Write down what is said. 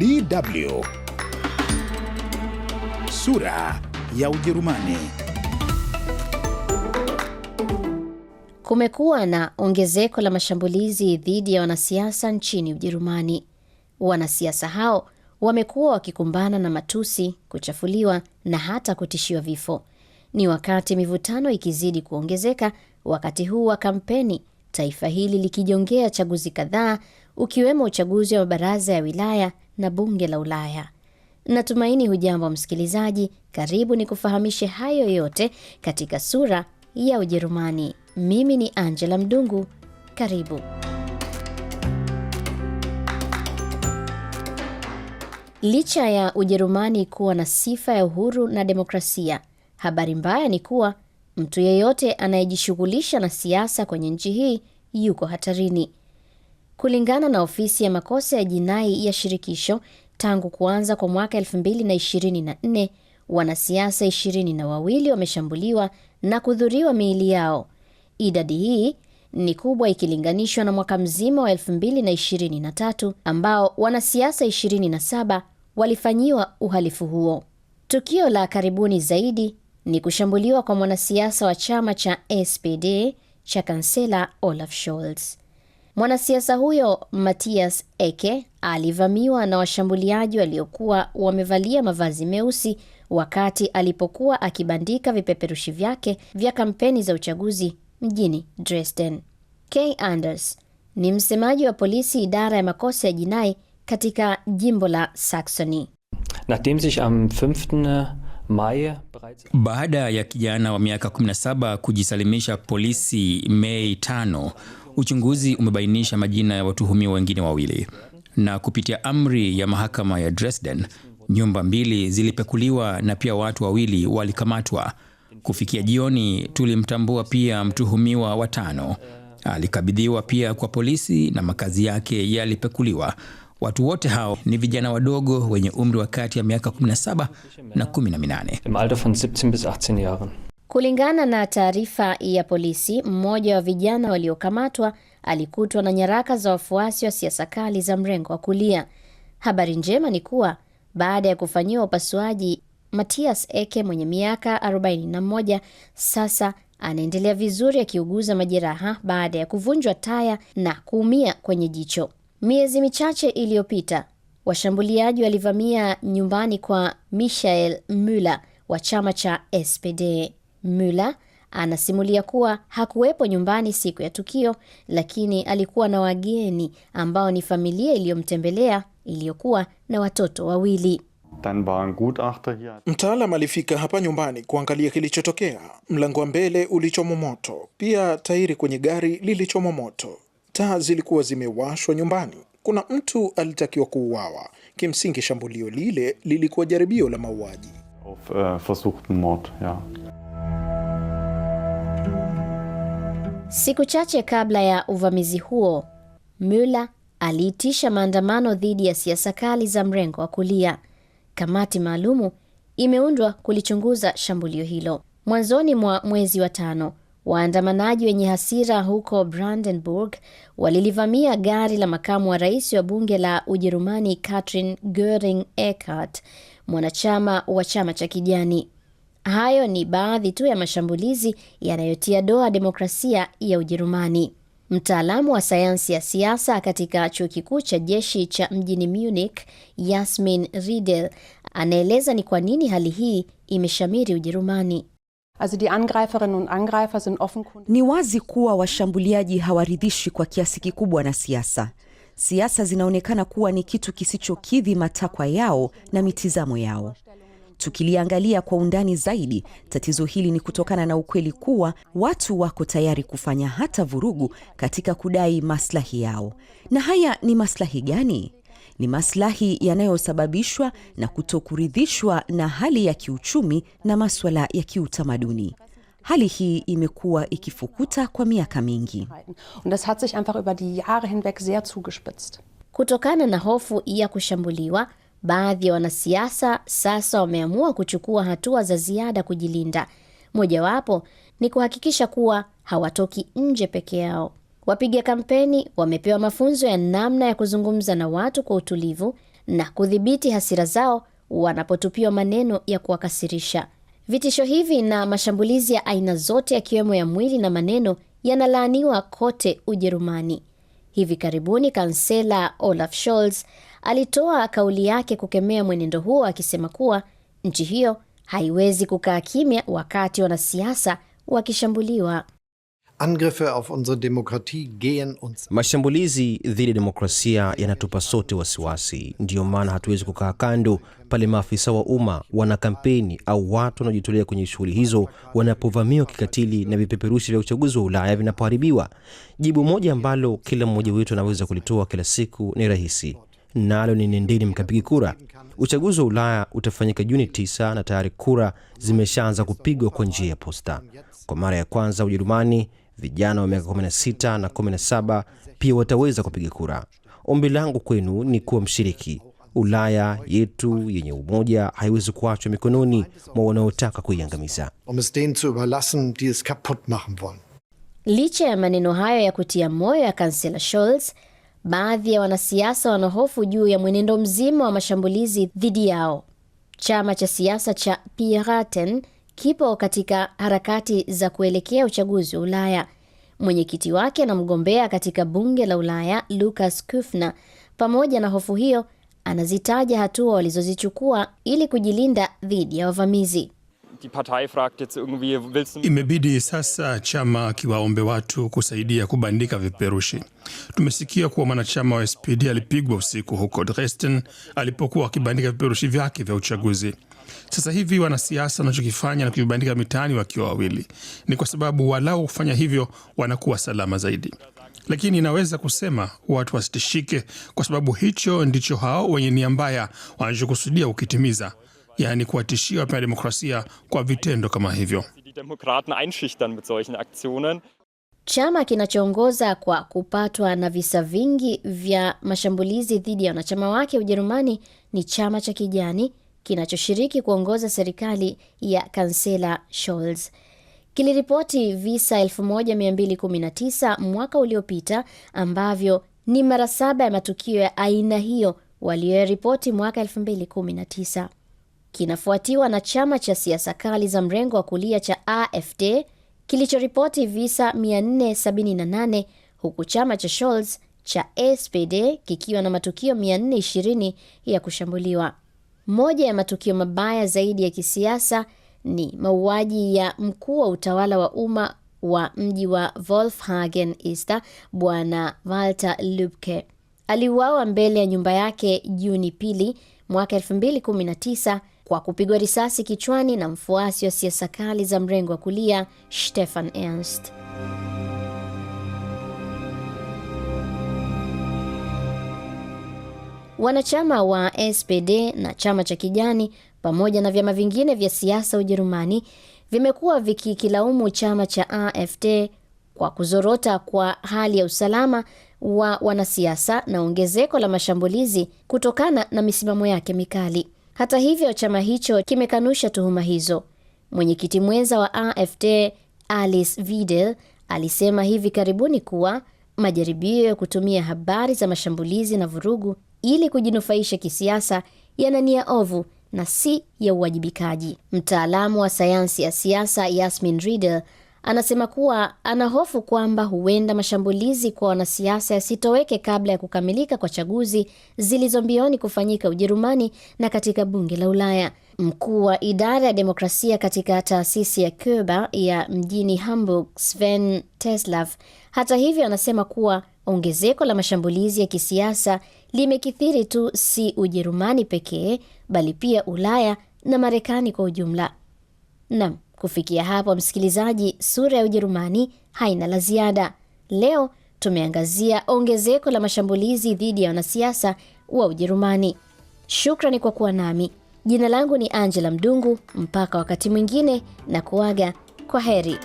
DW sura ya Ujerumani. Kumekuwa na ongezeko la mashambulizi dhidi ya wanasiasa nchini Ujerumani. Wanasiasa hao wamekuwa wakikumbana na matusi, kuchafuliwa na hata kutishiwa vifo. Ni wakati mivutano ikizidi kuongezeka wakati huu wa kampeni, taifa hili likijongea chaguzi kadhaa, ukiwemo uchaguzi wa mabaraza ya wilaya na bunge la Ulaya. Natumaini hujambo msikilizaji, karibu ni kufahamishe hayo yote katika sura ya Ujerumani. Mimi ni Angela Mdungu, karibu. Licha ya Ujerumani kuwa na sifa ya uhuru na demokrasia, habari mbaya ni kuwa mtu yeyote anayejishughulisha na siasa kwenye nchi hii yuko hatarini. Kulingana na ofisi ya makosa ya jinai ya shirikisho, tangu kuanza kwa mwaka 2024 wanasiasa ishirini na wawili wameshambuliwa na kudhuriwa miili yao. Idadi hii ni kubwa ikilinganishwa na mwaka mzima wa 2023 ambao wanasiasa 27 walifanyiwa uhalifu huo. Tukio la karibuni zaidi ni kushambuliwa kwa mwanasiasa wa chama cha SPD cha kansela Olaf Scholz. Mwanasiasa huyo Matias Eke alivamiwa na washambuliaji waliokuwa wamevalia mavazi meusi wakati alipokuwa akibandika vipeperushi vyake vya kampeni za uchaguzi mjini Dresden. K Anders ni msemaji wa polisi idara ya makosa ya jinai katika jimbo la Saxony. Nachdem sich am 5. Baada ya kijana wa miaka 17 kujisalimisha polisi Mei 5, uchunguzi umebainisha majina ya watuhumiwa wengine wawili, na kupitia amri ya mahakama ya Dresden, nyumba mbili zilipekuliwa na pia watu wawili walikamatwa. Kufikia jioni, tulimtambua pia mtuhumiwa wa tano. Alikabidhiwa pia kwa polisi na makazi yake yalipekuliwa. Watu wote hao ni vijana wadogo wenye umri wa kati ya miaka 17 na 18. Kulingana na taarifa ya polisi, mmoja wa vijana waliokamatwa alikutwa na nyaraka za wafuasi wa siasa kali za mrengo wa kulia. Habari njema ni kuwa baada ya kufanyiwa upasuaji, Matias Eke mwenye miaka 41 sasa anaendelea vizuri akiuguza majeraha baada ya kuvunjwa taya na kuumia kwenye jicho. Miezi michache iliyopita washambuliaji walivamia nyumbani kwa Michael Muller wa chama cha SPD. Muller anasimulia kuwa hakuwepo nyumbani siku ya tukio, lakini alikuwa na wageni ambao ni familia iliyomtembelea iliyokuwa na watoto wawili. Mtaalam alifika hapa nyumbani kuangalia kilichotokea. Mlango wa mbele ulichomwa moto, pia tairi kwenye gari lilichomwa moto taa zilikuwa zimewashwa nyumbani. Kuna mtu alitakiwa kuuawa. Kimsingi, shambulio lile lilikuwa jaribio la mauaji. uh, Siku chache kabla ya uvamizi huo, Mueller aliitisha maandamano dhidi ya siasa kali za mrengo wa kulia. Kamati maalumu imeundwa kulichunguza shambulio hilo. Mwanzoni mwa mwezi wa tano, Waandamanaji wenye hasira huko Brandenburg walilivamia gari la makamu wa rais wa bunge la Ujerumani Katrin Goring Eckardt, mwanachama wa chama cha kijani. Hayo ni baadhi tu ya mashambulizi yanayotia doa demokrasia ya Ujerumani. Mtaalamu wa sayansi ya siasa katika chuo kikuu cha jeshi cha mjini Munich, Yasmin Riedel, anaeleza ni kwa nini hali hii imeshamiri Ujerumani. Also die Angreiferinnen und Angreifer sind offenkundig. Ni wazi kuwa washambuliaji hawaridhishwi kwa kiasi kikubwa na siasa. Siasa zinaonekana kuwa ni kitu kisichokidhi matakwa yao na mitizamo yao. Tukiliangalia kwa undani zaidi, tatizo hili ni kutokana na ukweli kuwa watu wako tayari kufanya hata vurugu katika kudai maslahi yao. Na haya ni maslahi gani? ni maslahi yanayosababishwa na kutokuridhishwa na hali ya kiuchumi na maswala ya kiutamaduni. Hali hii imekuwa ikifukuta kwa miaka mingi. das hat sich einfach über die Jahre hinweg sehr zugespitzt. Kutokana na hofu ya kushambuliwa, baadhi ya wanasiasa sasa wameamua kuchukua hatua za ziada kujilinda. Mojawapo ni kuhakikisha kuwa hawatoki nje peke yao. Wapiga kampeni wamepewa mafunzo ya namna ya kuzungumza na watu kwa utulivu na kudhibiti hasira zao wanapotupiwa maneno ya kuwakasirisha. Vitisho hivi na mashambulizi ya aina zote yakiwemo ya mwili na maneno yanalaaniwa kote Ujerumani. Hivi karibuni kansela Olaf Scholz alitoa kauli yake kukemea mwenendo huo akisema kuwa nchi hiyo haiwezi kukaa kimya wakati wanasiasa wakishambuliwa. Angriffe auf unsere Demokratie gehen uns. Mashambulizi dhidi ya demokrasia yanatupa sote wasiwasi. Ndiyo maana hatuwezi kukaa kando pale maafisa wa umma, wana kampeni au watu wanaojitolea kwenye shughuli hizo wanapovamiwa kikatili na vipeperushi vya uchaguzi wa Ulaya vinapoharibiwa. Jibu moja ambalo kila mmoja wetu anaweza kulitoa kila siku ni rahisi, nalo ni nendeni mkapigi kura. Uchaguzi wa Ulaya utafanyika Juni 9 na tayari kura zimeshaanza kupigwa kwa njia ya posta. Kwa mara ya kwanza Ujerumani vijana wa miaka 16 na 17 pia wataweza kupiga kura. Ombi langu kwenu ni kuwa mshiriki. Ulaya yetu yenye umoja haiwezi kuachwa mikononi mwa wanaotaka kuiangamiza. Um Licha ya maneno hayo ya kutia moyo ya kansela Scholz, baadhi ya wanasiasa wanahofu juu ya mwenendo mzima wa mashambulizi dhidi yao. Chama cha siasa cha Piraten kipo katika harakati za kuelekea uchaguzi wa Ulaya. Mwenyekiti wake na mgombea katika bunge la Ulaya Lucas Kufner, pamoja na hofu hiyo, anazitaja hatua walizozichukua ili kujilinda dhidi ya wavamizi. Imebidi sasa chama kiwaombe watu kusaidia kubandika vipeperushi. Tumesikia kuwa mwanachama wa SPD alipigwa usiku huko Dresden alipokuwa akibandika vipeperushi vyake vya uchaguzi. Sasa hivi wanasiasa wanachokifanya na kuvibandika mitaani wakiwa wawili ni kwa sababu walau kufanya hivyo wanakuwa salama zaidi, lakini inaweza kusema watu wasitishike, kwa sababu hicho ndicho hao wenye nia mbaya wanachokusudia kukitimiza, yaani kuwatishia wapenda demokrasia kwa vitendo kama hivyo. Chama kinachoongoza kwa kupatwa na visa vingi vya mashambulizi dhidi ya wanachama wake Ujerumani ni chama cha Kijani kinachoshiriki kuongoza serikali ya kansela Scholz kiliripoti visa 1219 mwaka uliopita ambavyo ni mara saba ya matukio ya aina hiyo waliyoyaripoti mwaka 2019. Kinafuatiwa na chama cha siasa kali za mrengo wa kulia cha AFD kilichoripoti visa 478 huku chama cha Scholz cha SPD kikiwa na matukio 420 ya kushambuliwa. Moja ya matukio mabaya zaidi ya kisiasa ni mauaji ya mkuu wa utawala wa umma wa mji wa Wolfhagen Easter, Bwana Walter Lubke. Aliuawa mbele ya nyumba yake Juni pili mwaka 2019 kwa kupigwa risasi kichwani na mfuasi wa siasa kali za mrengo wa kulia Stefan Ernst. Wanachama wa SPD na chama cha Kijani pamoja na vyama vingine vya siasa Ujerumani vimekuwa vikikilaumu chama cha AfD kwa kuzorota kwa hali ya usalama wa wanasiasa na ongezeko la mashambulizi kutokana na misimamo yake mikali. Hata hivyo, chama hicho kimekanusha tuhuma hizo. Mwenyekiti mwenza wa AfD Alice videl alisema hivi karibuni kuwa majaribio ya kutumia habari za mashambulizi na vurugu ili kujinufaisha kisiasa yana nia ovu na si ya uwajibikaji. Mtaalamu wa sayansi ya siasa Yasmin ridel anasema kuwa anahofu kwamba huenda mashambulizi kwa wanasiasa yasitoweke kabla ya kukamilika kwa chaguzi zilizo mbioni kufanyika Ujerumani na katika bunge la Ulaya. Mkuu wa idara ya demokrasia katika taasisi ya cuba ya mjini Hamburg, Sven Teslav, hata hivyo, anasema kuwa Ongezeko la mashambulizi ya kisiasa limekithiri tu si Ujerumani pekee bali pia Ulaya na Marekani kwa ujumla. nam kufikia hapo msikilizaji, sura ya Ujerumani haina la ziada. Leo tumeangazia ongezeko la mashambulizi dhidi ya wanasiasa wa Ujerumani. Shukrani kwa kuwa nami. Jina langu ni Angela Mdungu, mpaka wakati mwingine na kuaga kwa heri.